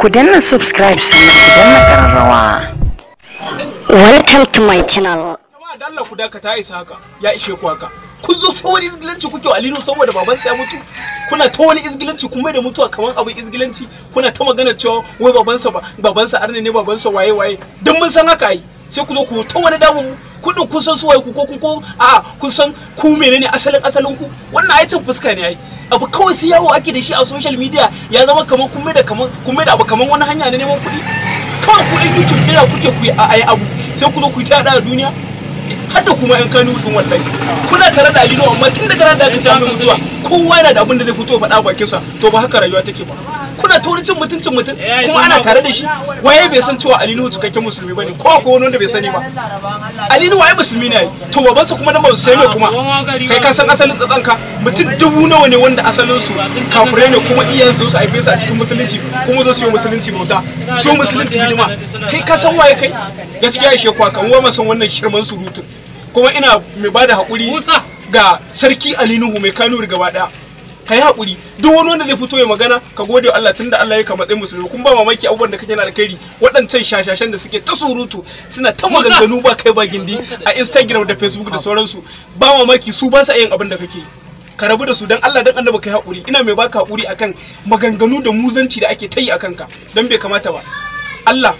ku danna subscribe sannan ku danna karrawa welcome to my channel jama'a dalla ku dakata isa haka ya ishe ku haka kun zo sauri izgilanci kuke wa Alilu saboda baban sa ya mutu kuna ta wani izgilanci kun mai da mutuwa kaman abin izgilanci kuna ta magana cewa wai baban sa ba baban sa arne ne baban sa waye waye dan mun san haka ai sai ku zo ku ta wani damu kudin kun san suwaye ku ko kun ko a kun san ku menene asalin asalin ku wannan ai cin fuska ne ai abu kawai sai yawo ake da shi a social media ya zama kamar kun mai da kamar kun mai da abu kamar wani hanya ne neman kuɗi kawai ku ɗan YouTube ɗaya kuke ku yi abu sai ku zo ku yi ta a duniya har da kuma yan kanu din wallahi kuna tare da Aliyu amma tun daga ran da aka mutuwa kowa yana da abin da zai fito faɗa bakin sa to ba haka rayuwa take ba kuna taurin cin mutuncin mutum eh, kuma ana tare da shi waye bai san cewa Ali Nuhu cikakken musulmi bane ko ko wanda bai sani ba Nuhu waye musulmi ne to baban sa kuma na ba sai mai ah, kuma kai ka san asalin tsatsanka mutum dubu nawa ne wanda asalin su kafirai ne kuma iyayen su su haife su a cikin musulunci kuma zo su yi musulunci bauta su yi musulunci hidima kai ka san waye kai gaskiya ya shekwa kan wama san wannan shirman surutun kuma ina mai bada hakuri ga sarki Ali Nuhu mai Kano gaba daya ka yi haƙuri duk wani wanda zai fito ya magana ka gode wa Allah tunda Allah ya ka matsayin musulmi kun ba mamaki abubuwan da kake na alkhairi waɗancan shashashan da suke ta surutu suna ta maganganu ba kai ba gindi a Instagram da Facebook da sauransu ba mamaki su ba sa yin abin da kake ka rabu da su dan Allah dan annabi kai haƙuri ina mai baka haƙuri akan maganganu da muzanci da ake ta yi akan ka dan bai kamata ba Allah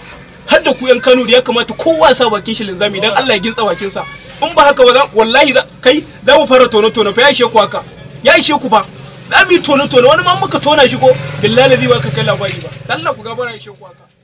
har da ku yan Kano da ya kamata kowa sa bakin shi linzami dan Allah ya gintsa bakin sa in ba haka ba wallahi kai za mu fara tono tono fa ya ishe ku haka ya ishe ku ba za mu yi tone wani man muka tona shi ko billahi zai ba ka kai labari ba Allah ku gabara shi ko haka